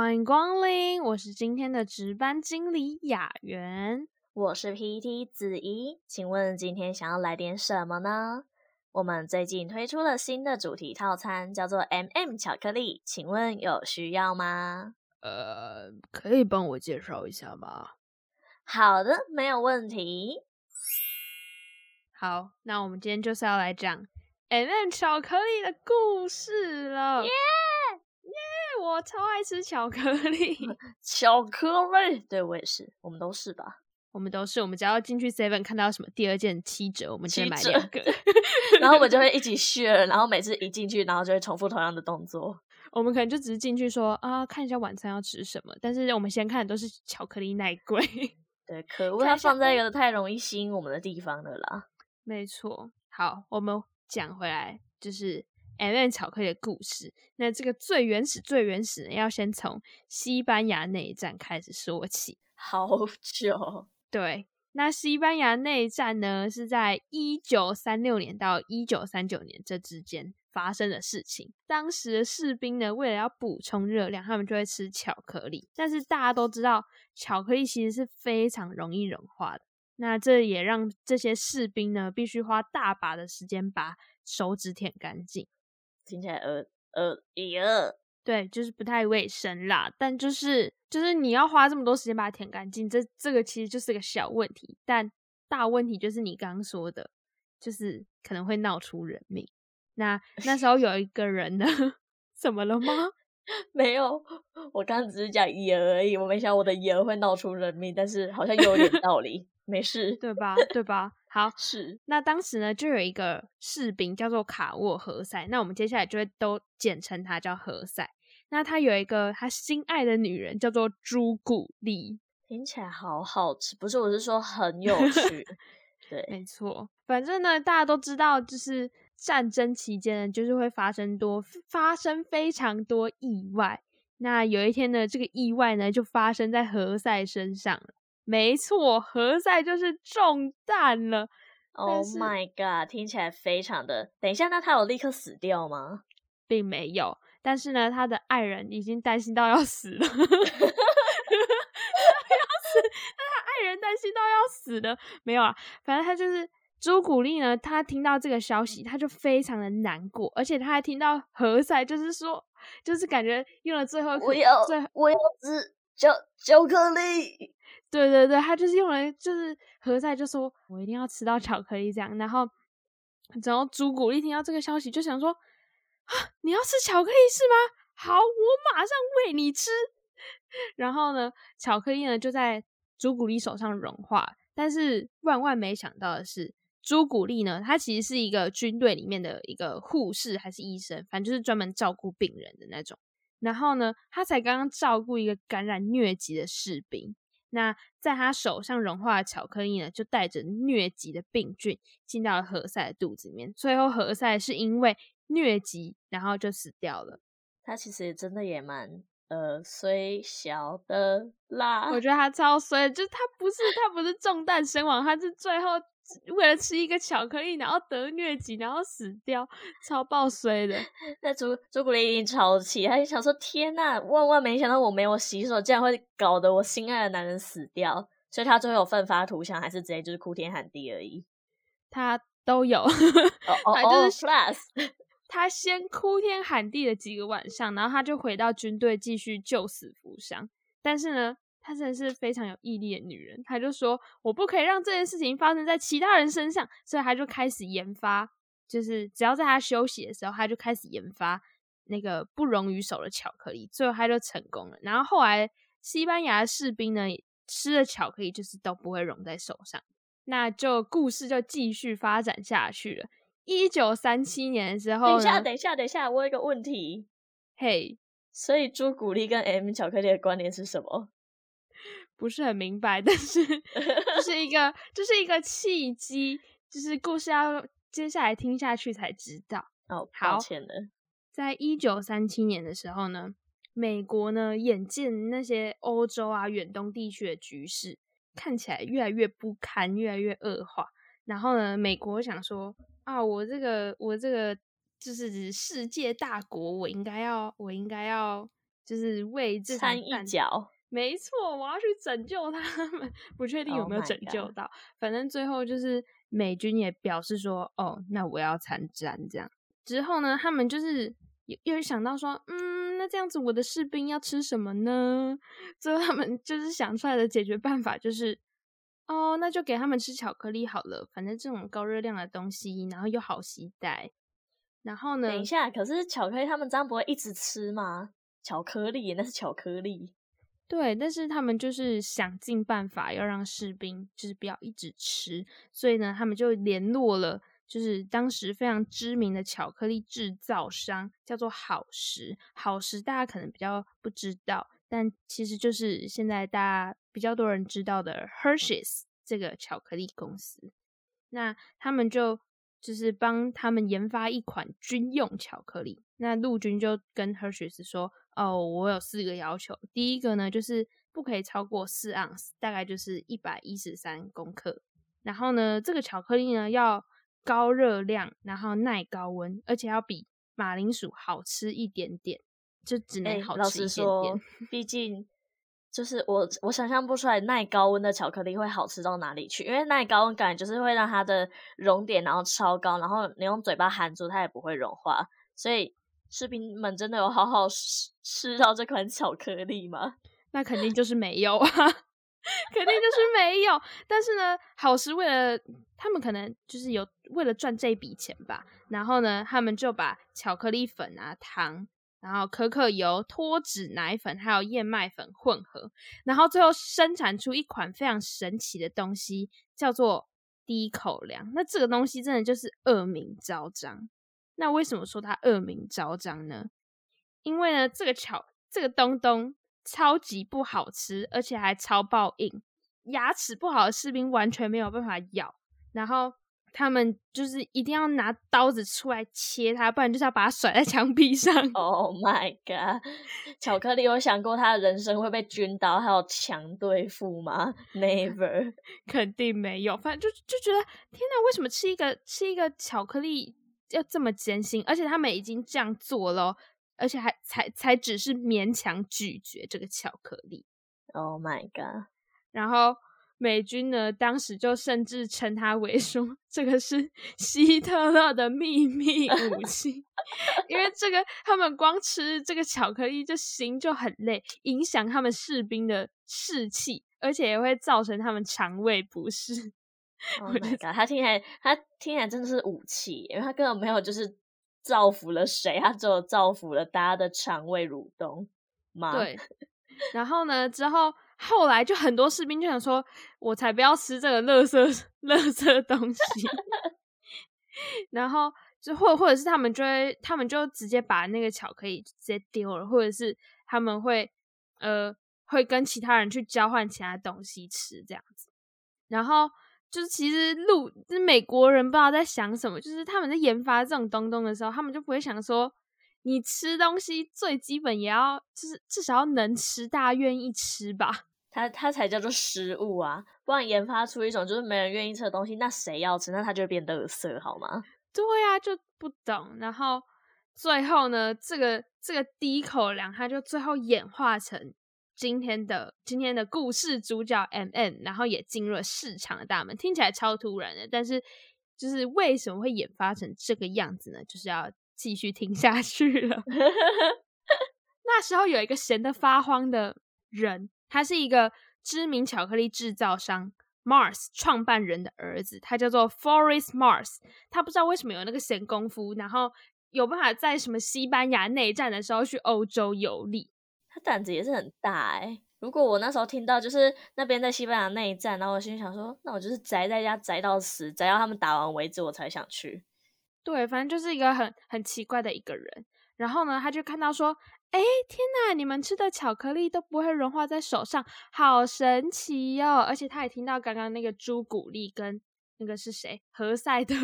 歡迎光臨，我是今天的值班經理雅媛，我是 PT 子怡，請問今天想要來點什麼呢？我們最近推出了新的主題套餐，叫做 MM 巧克力，請問有需要嗎？呃，可以幫我介紹一下嗎？好的，沒有問題。好，那我們今天就是要來講 MM 巧克力的故事了。Yeah! 我超愛吃巧克力，巧克力，對我也是，我們都是吧，我們都是，我們只要進去 seven 看到什麼第二件七折，我們就買兩個，七折 然後我們就會一起 share，然後每次一進去，然後就會重複同樣的動作。我們可能就只是進去說啊，看一下晚餐要吃什麼，但是我們先看的都是巧克力那一櫃，對，可惡，它放在一個太容易吸引我們的地方了啦，沒錯。好，我們講回來就是。M&M's 巧克力的故事，那這個最原始、最原始呢，要先從西班牙內戰開始說起。好久，對，那西班牙內戰呢是在一九三六年到一九三九年這之間發生的事情。當時的士兵呢，為了要補充熱量，他們就會吃巧克力。但是大家都知道，巧克力其實是非常容易融化的。那這也讓這些士兵呢，必須花大把的時間把手指舔乾淨。聽起來呃呃，咦，呃，對，就是不太衛生啦。但就是就是你要花這麼多時間把它舔乾淨，這這個其實就是個小問題。但大問題就是你剛剛說的，就是可能會鬧出人命。那那時候有一個人呢，怎 麼了嗎？沒有，我剛只是講咦而已，我沒想我的咦兒會鬧出人命，但是好像有點道理。 沒事，對吧？對吧？好，是。那當時呢，就有一個士兵叫做卡沃何塞，那我們接下來就會都簡稱他叫何塞。那他有一個他心愛的女人叫做朱古力，聽起來好好吃，不是？我是說很有趣。 對，沒錯。反正呢，大家都知道，就是戰爭期間呢，就是會發生多，發生非常多意外。那有一天呢，這個意外呢，就發生在何塞身上了。沒錯，何塞就是中彈了。Oh my god，是聽起來非常的。等一下，那他有立刻死掉嗎？並沒有。但是呢，他的愛人已經擔心到要死了。要死？那他愛人擔心到要死了？沒有啊，反正他就是朱古力呢。他聽到這個消息，他就非常的難過，而且他還聽到何塞就是說，就是感覺用了最後我，我要最我要吃焦巧，巧克力。對對對，他就是用來就是何在就說我一定要吃到巧克力這樣，然後然後朱古力聽到這個消息就想說啊，你要吃巧克力是嗎？好，我馬上餵你吃。然後呢，巧克力呢就在朱古力手上融化，但是萬萬沒想到的是，朱古力呢，他其實是一個軍隊裡面的一個護士還是醫生，反正就是專門照顧病人的那種。然後呢，他才剛剛照顧一個感染瘧疾的士兵。那在他手上融化的巧克力呢，就帶着瘧疾的病菌進到了何塞的肚子裡面，最後何塞是因為瘧疾，然後就死掉了。他其實也真的也蠻呃衰小的啦，我覺得他超衰，就他不是，他不是中彈身亡， 他是最後。為了吃一個巧克力，然後得瘧疾，然後死掉，超爆衰的。那 朱朱古力一定超氣，他就想說：天吶，萬萬沒想到我沒有洗手，竟然會搞得我心愛的男人死掉。所以他最後有奮發圖強，還是直接就是哭天喊地而已。他都有， 他就是 Flash, oh, oh, oh, 他先哭天喊地了幾個晚上，然後他就回到軍隊繼續救死扶傷。但是呢，她真的是非常有毅力的女人。她就說：“我不可以讓這件事情發生在其他人身上。”所以她就開始研發，就是只要在她休息的時候，她就開始研發那個不溶於手的巧克力。最後她就成功了。然後後來西班牙士兵呢，吃的巧克力就是都不會溶在手上。那就故事就繼續發展下去了。一九三七年的時候，等一下，等一下，等一下，我有一個問題，嘿，Hey, 所以朱古力跟 M 巧克力的關聯是什麼？不是很明白，但是這 是一個，這，就是一個契機，就是故事要接下來聽下去才知道。哦，抱歉了。在一九三七年的時候呢，美國呢眼見那些歐洲啊、遠東地區的局勢看起來越來越不堪，越來越惡化，然後呢，美國想說啊，我這個我這個，就是、就是世界大國，我應該要我應該要就是為這參一腳。沒錯，我要去拯救他們，不確定有沒有拯救到。Oh、反正最後就是美軍也表示說，哦，那我要參戰。這樣之後呢，他們就是又又想到說，嗯，那這樣子我的士兵要吃什麼呢？最後他們就是想出來的解決辦法就是，哦，那就給他們吃巧克力好了。反正這種高熱量的東西，然後又好攜帶。然後呢，等一下，可是巧克力他們這樣不會一直吃嗎？巧克力那是巧克力。對，但是他們就是想盡辦法要讓士兵就是不要一直吃，所以呢，他們就聯絡了，就是當時非常知名的巧克力製造商，叫做好時。好時大家可能比較不知道，但其實就是現在大家比較多人知道的 Hershey's 這個巧克力公司。那他們就就是幫他們研發一款軍用巧克力。那陸軍就跟 Hershey's 說。哦，oh, 我有四個要求。第一個呢，就是不可以超過四盎司，大概就是一百一十三公克。然後呢，這個巧克力呢，要高熱量，然後耐高溫，而且要比馬鈴薯好吃一點點。就只能好吃一點點，欸，老實說，畢竟就是我我想象不出來耐高溫的巧克力會好吃到哪裡去，因為耐高溫感就是會讓它的熔點然後超高，然後你用嘴巴含住它也不會融化，所以。士兵們真的有好好吃吃到這款巧克力嗎？那肯定就是沒有啊， 肯定就是沒有。但是呢，好時為了他們可能就是有為了賺這筆錢吧，然後呢，他們就把巧克力粉啊、糖、然後可可油、脫脂奶粉還有燕麥粉混合，然後最後生產出一款非常神奇的東西，叫做低口糧。那這個東西真的就是惡名昭彰。那為什麼說它惡名昭彰呢？因為呢，這個巧這個東東超級不好吃，而且還超爆硬，牙齒不好的士兵完全沒有辦法咬，然後他們就是一定要拿刀子出來切它，不然就是要把它甩在牆壁上。Oh my god！巧克力有想過他的人生會被軍刀還有牆對付嗎？Never，肯定沒有。反正就就覺得天吶，為什麼吃一個吃一個巧克力？要這麼艱辛，而且他們已經這樣做了，而且還才才只是勉強咀嚼這個巧克力。Oh my god！然後美軍呢，當時就甚至稱它為說這個是希特勒的秘密武器， 因為這個他們光吃這個巧克力就心就很累，影響他們士兵的士氣，而且也會造成他們腸胃不適。Oh my God, 我就 g、是、他聽起來，他聽起來真的是武器，因為他根本沒有就是造福了誰，他就造福了大家的腸胃蠕動嘛。對。然後呢，之後後來就很多士兵就想說：“我才不要吃這個垃圾垃圾東西。” 然後就或者或者是他們就會，他們就直接把那個巧克力直接丟了，或者是他們會呃會跟其他人去交換其他東西吃這樣子，然後。就是其實路，就是美國人不知道在想什麼。就是他們在研發這種東東的時候，他們就不會想說，你吃東西最基本也要，就是至少要能吃，大家願意吃吧。它它才叫做食物啊，不然研發出一種就是沒人願意吃的東西，那誰要吃？那它就會變得有色，好嗎？對呀、啊，就不懂。然後最後呢，這個這個第一口糧，它就最後演化成，今天的今天的故事主角 M&M's，然後也進入了市場的大門，聽起來超突然的，但是就是為什麼會演發成這個樣子呢？就是要繼續聽下去了。 那時候有一個閒得發慌的人，他是一個知名巧克力制造商 Mars 創辦人的兒子，他叫做 Forest Mars。他不知道為什麼有那個閒工夫，然後有辦法在什麼西班牙內戰的時候去歐洲遊歷。膽子也是很大哎、欸！如果我那時候聽到，就是那邊在西班牙內戰，然後我心想說，那我就是宅在家宅到死，宅到他們打完為止，我才想去。對，反正就是一個很很奇怪的一個人。然後呢，他就看到說，哎、欸，天哪！你們吃的巧克力都不會融化在手上，好神奇喲、喔！而且他也聽到剛剛那個朱古力跟那個是誰？何塞德。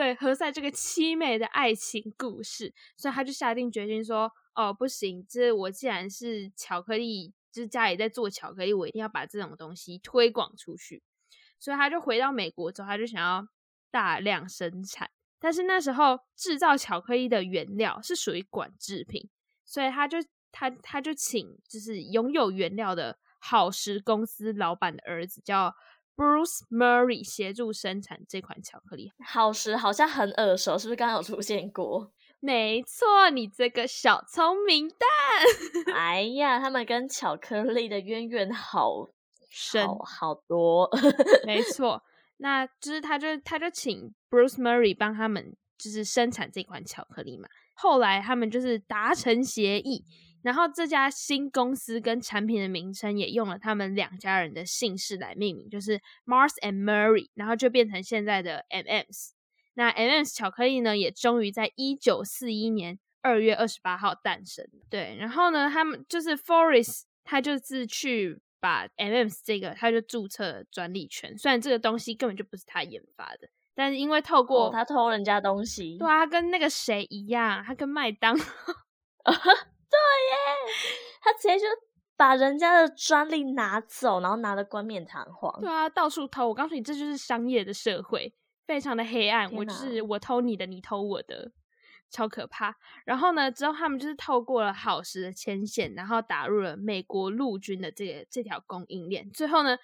對，何塞這個淒美的愛情故事，所以他就下定決心說：“哦，不行，這我既然是巧克力，就是家裡在做巧克力，我一定要把這種東西推廣出去。”所以他就回到美國之後，他就想要大量生產。但是那時候制造巧克力的原料是屬於管制品，所以他就他他就請就是擁有原料的好時公司老板的兒子叫 Bruce Murray 協助生產這款巧克力，好食好像很耳熟，是不是剛剛有出現過？沒錯，你這個小聰明蛋！ 哎呀，他們跟巧克力的淵源好深好，好多。 沒錯，那就是他就他就請 Bruce Murray 幫他們就是生產這款巧克力嘛，後來他們就是達成協議。然後這家新公司跟產品的名稱也用了他們兩家人的姓氏來命名，就是 Mars and Murray 然後就變成現在的 M&M's。那 M&M's 巧克力呢，也終於在一九四一年二月二十八號誕生。對，然後呢，他們就是 Forrest 他就是去把 M&M's 這個他就注冊了專利權，雖然這個東西根本就不是他研發的，但是因為透過、哦、他偷人家東西，對啊，他跟那個誰一樣，他跟麥當勞。 對耶，他直接就把人家的專利拿走，然後拿的冠冕堂皇。對啊，到處偷。我告訴你，這就是商業的社會，非常的黑暗。天哪。我就是我偷你的，你偷我的，超可怕。然後呢，之後他們就是透過了好時的牽線，然後打入了美國陸軍的這個這條供應鏈。最後呢，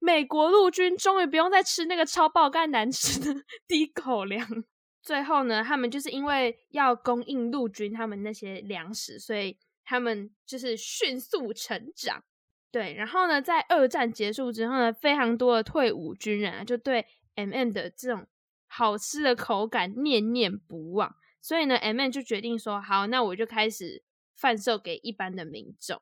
美國陸軍終於不用再吃那個超爆肝難吃的低口糧。最後呢，他們就是因為要供應陸軍他們那些糧食，所以他們就是迅速成長。對，然後呢，在二戰結束之後呢，非常多的退伍軍人啊，就對 M M 的這種好吃的口感念念不忘。所以呢，M M 就決定說，好，那我就開始販售給一般的民眾。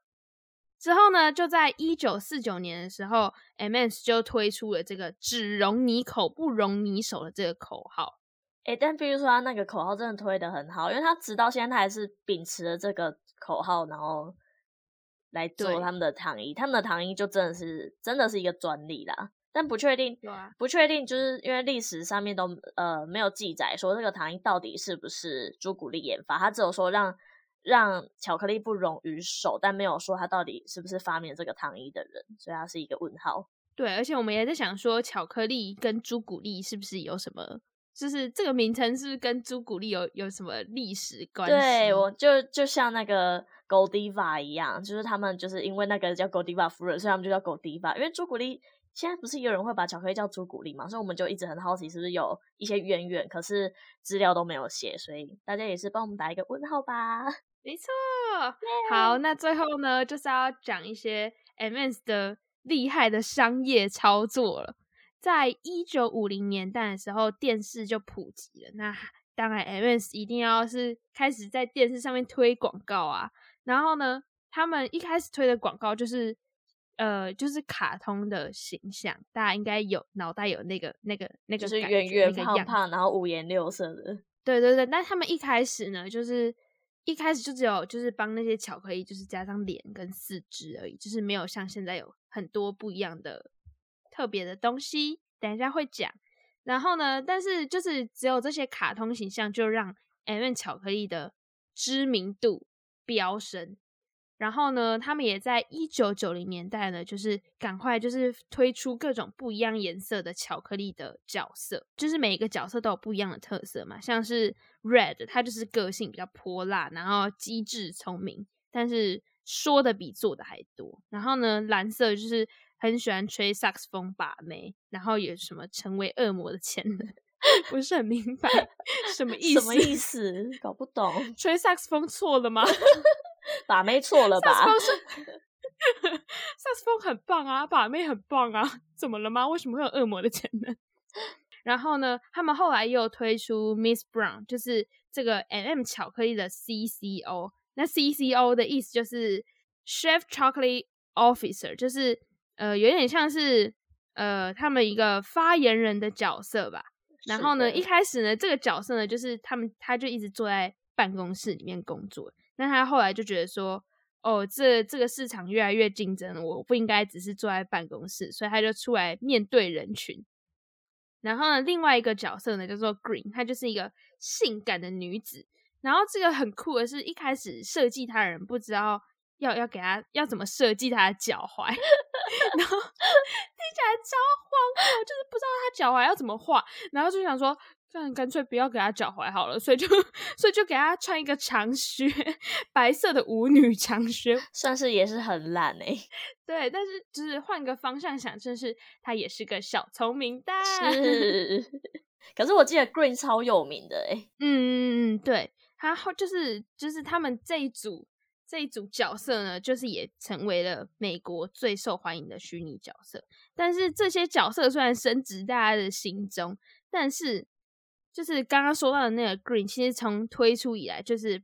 之後呢，就在一九四九年的時候，M M 就推出了這個“只溶你口，不溶你手”的這個口號。誒、欸、但比如說他那個口號真的推得很好，因為他直到現在他還是秉持了這個口號，然後來做他們的糖衣，對他們的糖衣就真的是真的是一個專利啦。但不確定，對啊、不確定，就是因為歷史上面都呃沒有記載說這個糖衣到底是不是朱古力研發，他只有說讓讓巧克力不溶於手，但沒有說他到底是不是發明這個糖衣的人，所以他是一個問號。對，而且我們也在想說，巧克力跟朱古力是不是有什麼？就是這個名稱是不是跟朱古力有有什麼歷史關係？對，我就就像那個 Godiva 一樣，就是他們就是因為那個叫 Godiva 夫人，所以他們就叫 Godiva。因為朱古力現在不是有人會把巧克力叫朱古力嗎？所以我們就一直很好奇是不是有一些淵源，源，可是資料都沒有寫，所以大家也是幫我們打一個問號吧。沒錯，好，那最後呢就是要講一些 M&M's 的厲害的商業操作了。在一九五零年代的時候，電視就普及了。那當然，M&M's 一定要是開始在電視上面推廣告啊。然後呢，他們一開始推的廣告就是，呃，就是卡通的形象，大家應該有腦袋有那個那個那個，那個、就是圓圓胖胖，然後五顏六色的。對對對，那他們一開始呢，就是一開始就只有就是幫那些巧克力就是加上臉跟四肢而已，就是沒有像現在有很多不一樣的。特別的東西，等一下會講。然後呢，但是就是只有這些卡通形象，就讓 M&M's 巧克力的知名度飆升。然後呢，他們也在一九九零年代呢，就是趕快就是推出各種不一樣顏色的巧克力的角色，就是每一個角色都有不一樣的特色嘛。像是 Red，它就是個性比較潑辣，然後機智聰明，但是說的比做的還多。然後呢，藍色就是。很喜歡吹薩克斯風把妹，然後有什麼成為惡魔的潛能？不 是很明白，什麼意思？什麼意思？搞不懂。吹薩克斯風錯了嗎？把妹錯了吧？薩克， 薩克斯風很棒啊，把妹很棒啊，怎麼了嗎？為什麼會有惡魔的潛能？ 然後呢，他們後來又推出 Miss Brown，就是這個 M&M 巧克力的 CCO。那 CCO 的意思就是 Chef Chocolate Officer，就是。呃，有點像是呃，他們一個發言人的角色吧。然後呢，的一開始呢，這個角色呢，就是他們，他就一直坐在辦公室裡面工作。那他後來就覺得說，哦，這這個市場越來越競爭了，我不應該只是坐在辦公室，所以他就出來面對人群。然後呢，另外一個角色呢叫做 Green，她就是一個性感的女子。然後這個很酷的是一開始設計她的人不知道。要要給他要怎麼設計他的腳踝， 然後聽起來超慌慌，就是不知道他腳踝要怎麼畫，然後就想說，這樣乾脆不要給他腳踝好了，所以就所以就給他穿一個長靴，白色的舞女長靴，算是也是很爛哎、欸，對，但是就是換個方向想，就是他也是個小聰明蛋，是，可是我記得 Green 超有名的哎、欸，嗯嗯嗯，對然後就是就是他們這一組。這一組角色呢，就是也成為了美國最受歡迎的虛擬角色。但是這些角色雖然深植大家的心中，但是就是剛剛說到的那個 Green，其實從推出以來就是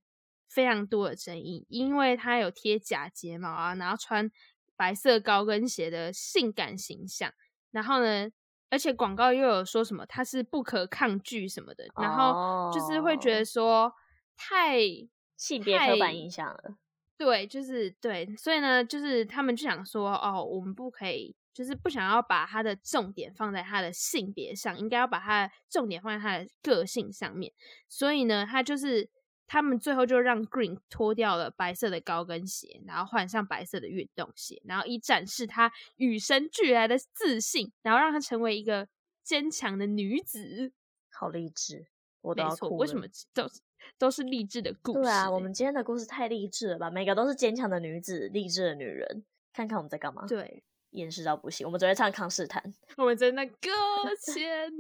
非常多的爭議，因為他有貼假睫毛啊，然後穿白色高跟鞋的性感形象，然後呢，而且廣告又有說什麼他是不可抗拒什麼的，哦、然後就是會覺得說太,太性別刻板印象了。對，就是對，所以呢，就是他們就想說，哦，我們不可以，就是不想要把他的重點放在他的性別上，應該要把他的重點放在他的個性上面。所以呢，他就是他們最後就讓 Green 脫掉了白色的高跟鞋，然後換上白色的運動鞋，然後以展示他與生俱來的自信，然後讓他成為一個堅強的女子。好勵志，我都要哭了。為什麼？都是勵志的故事欸。對啊，我們今天的故事太勵志了吧？每個都是堅強的女子，勵志的女人。看看我們在幹嘛？對，掩飾到不行。我們準備唱康士坦，我們真的擱淺的人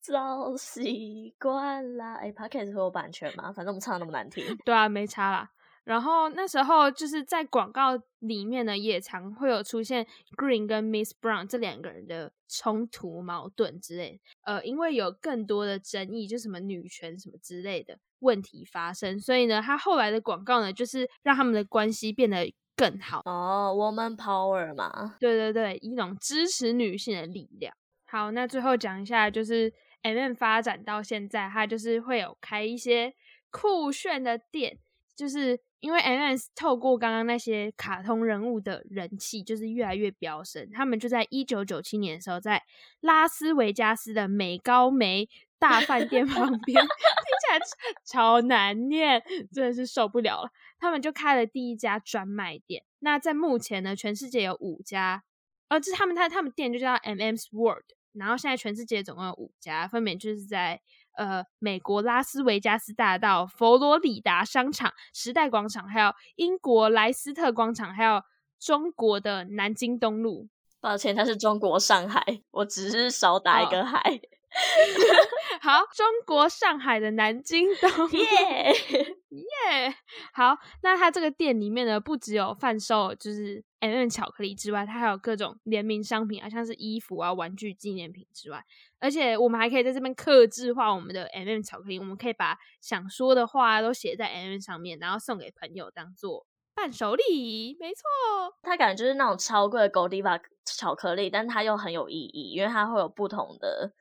早習慣啦。欸，Podcast 會有版權嗎？反正我們唱的那麼難聽。對啊，沒差啦。然後那時候就是在廣告裡面呢，也常會有出現 Green 跟 Miss Brown 這兩個人的衝突、矛盾之類。呃，因為有更多的爭議，就什麼女權什麼之類的問題發生，所以呢，他後來的廣告呢，就是讓他們的關係變得更好。哦，Woman Power 嘛，對對對，一種支持女性的力量。好，那最後講一下，就是 M&M 發展到現在，它就是會有開一些酷炫的店，就是。因為 M&M's 透過剛剛那些卡通人物的人氣，就是越來越飆升。他們就在一九九七年的時候，在拉斯維加斯的美高梅大飯店旁邊， 聽起來超難念，真的是受不了了。他們就開了第一家專賣店。那在目前呢，全世界有五家，呃，就是他們他他們店就叫 M&M's World。然後現在全世界總共有五家，分別就是在。呃，美國拉斯維加斯大道、佛羅里達商場、時代廣場，還有英國萊斯特廣場，還有中國的南京東路。抱歉，它是中國上海，我只是少打一個海。Oh. 好，中國上海的南京東。耶耶，好，那它這個店裡面呢，不只有販售就是 M&M's 巧克力之外，它還有各種聯名商品啊，像是衣服啊、玩具、紀念品之外，而且我們還可以在這邊客製化我們的 M&M's 巧克力，我們可以把想說的話、啊、都寫在 M&M's 上面，然後送給朋友當做伴手禮。沒錯，它感覺就是那種超貴的 Godiva 巧克力，但它又很有意義，因為它會有不同的。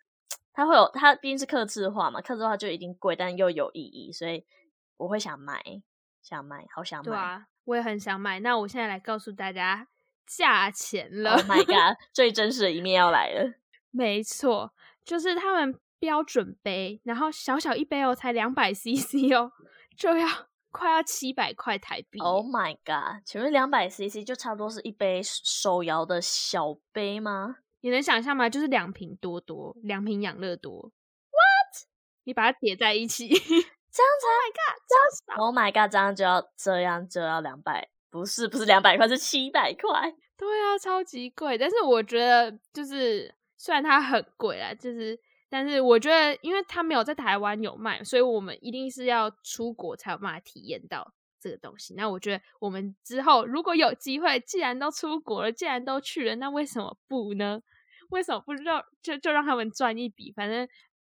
它會有，它畢竟是客製化嘛，客製化就一定貴，但又有意義，所以我會想買，想買，好想買。對啊，我也很想買。那我現在來告訴大家價錢了。Oh my god， 最真實的一面要來了。沒錯，就是他們標準杯，然後小小一杯哦，才兩百 CC 哦，就要快要七百塊台幣。Oh my god，請問兩百 CC 就差不多是一杯手搖的小杯嗎？你能想象嗎就是兩瓶多多、兩瓶養樂多。What？你把它疊在一起， 這樣才，Oh my god，超，Oh my god，這樣就要這樣就要兩百，不是不是兩百塊，是七百塊。 對啊，超級貴。但是我覺得，就是雖然它很貴啦，就是，但是我覺得，因為它沒有在台灣有賣，所以我們一定是要出國才有辦法體驗到。這個東西，那我覺得我們之後如果有機會，既然都出國了，既然都去了，那為什麼不呢？為什麼不知道就就，就讓他們賺一筆？反正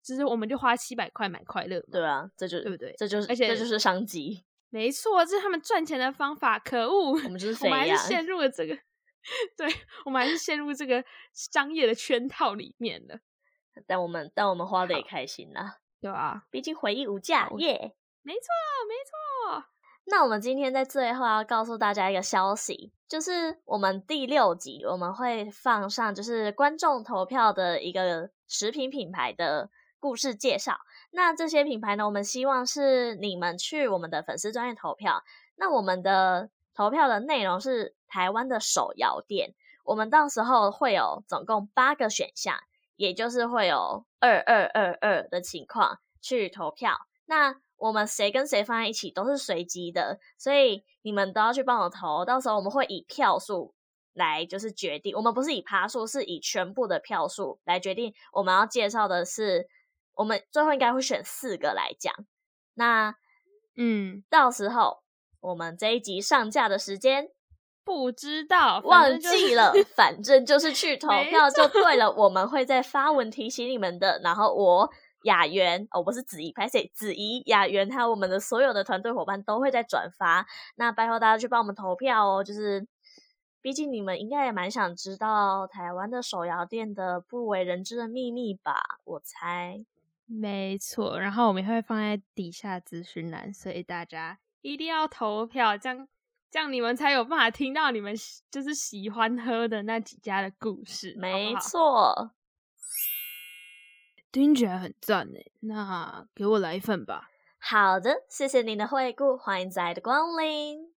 就是我們就花七百塊買快樂，對啊，這就對不對？這就是而且這就是商機，沒錯，這是他們賺錢的方法，可惡！我們就是誰、啊、 我們還是陷入了這個，對我們還是陷入這個商業的圈套裡面了。但我們但我們花的也開心了，對啊，畢竟回憶無價，好耶！沒錯，沒錯。那我們今天在最後要告訴大家一個消息，就是我們第六集我們會放上就是觀眾投票的一個食品品牌的故事介紹。那這些品牌呢，我們希望是你們去我們的粉絲專頁投票。那我們的投票的內容是台灣的手搖店，我們到時候會有總共八個選項，也就是會有二二二二的情況去投票。那我們誰跟誰放在一起都是隨機的，所以你們都要去幫我投。到時候我們會以票數來就是決定，我們不是以趴數，是以全部的票數來決定。我們要介紹的是，我們最後應該會選四個來講。那嗯，到時候我們這一集上架的時間不知道，就是、忘記了，反正就是去投票就對了。錯我們會再發文提醒你們的，然後我。雅媛哦，不是子怡 p a y 子怡、雅媛還有我們的所有的團隊夥伴都會在轉發，那拜托大家去幫我們投票哦，就是，畢竟你們應該也蠻想知道台灣的手搖店的不為人知的秘密吧，我猜。沒錯。然後我們會放在底下資訊欄，所以大家一定要投票，這樣這樣你們才有辦法聽到你們就是喜歡喝的那幾家的故事。沒錯錯。好聽起來很贊誒，那給我來一份吧。好的，謝謝您的惠顧，歡迎再來的光臨。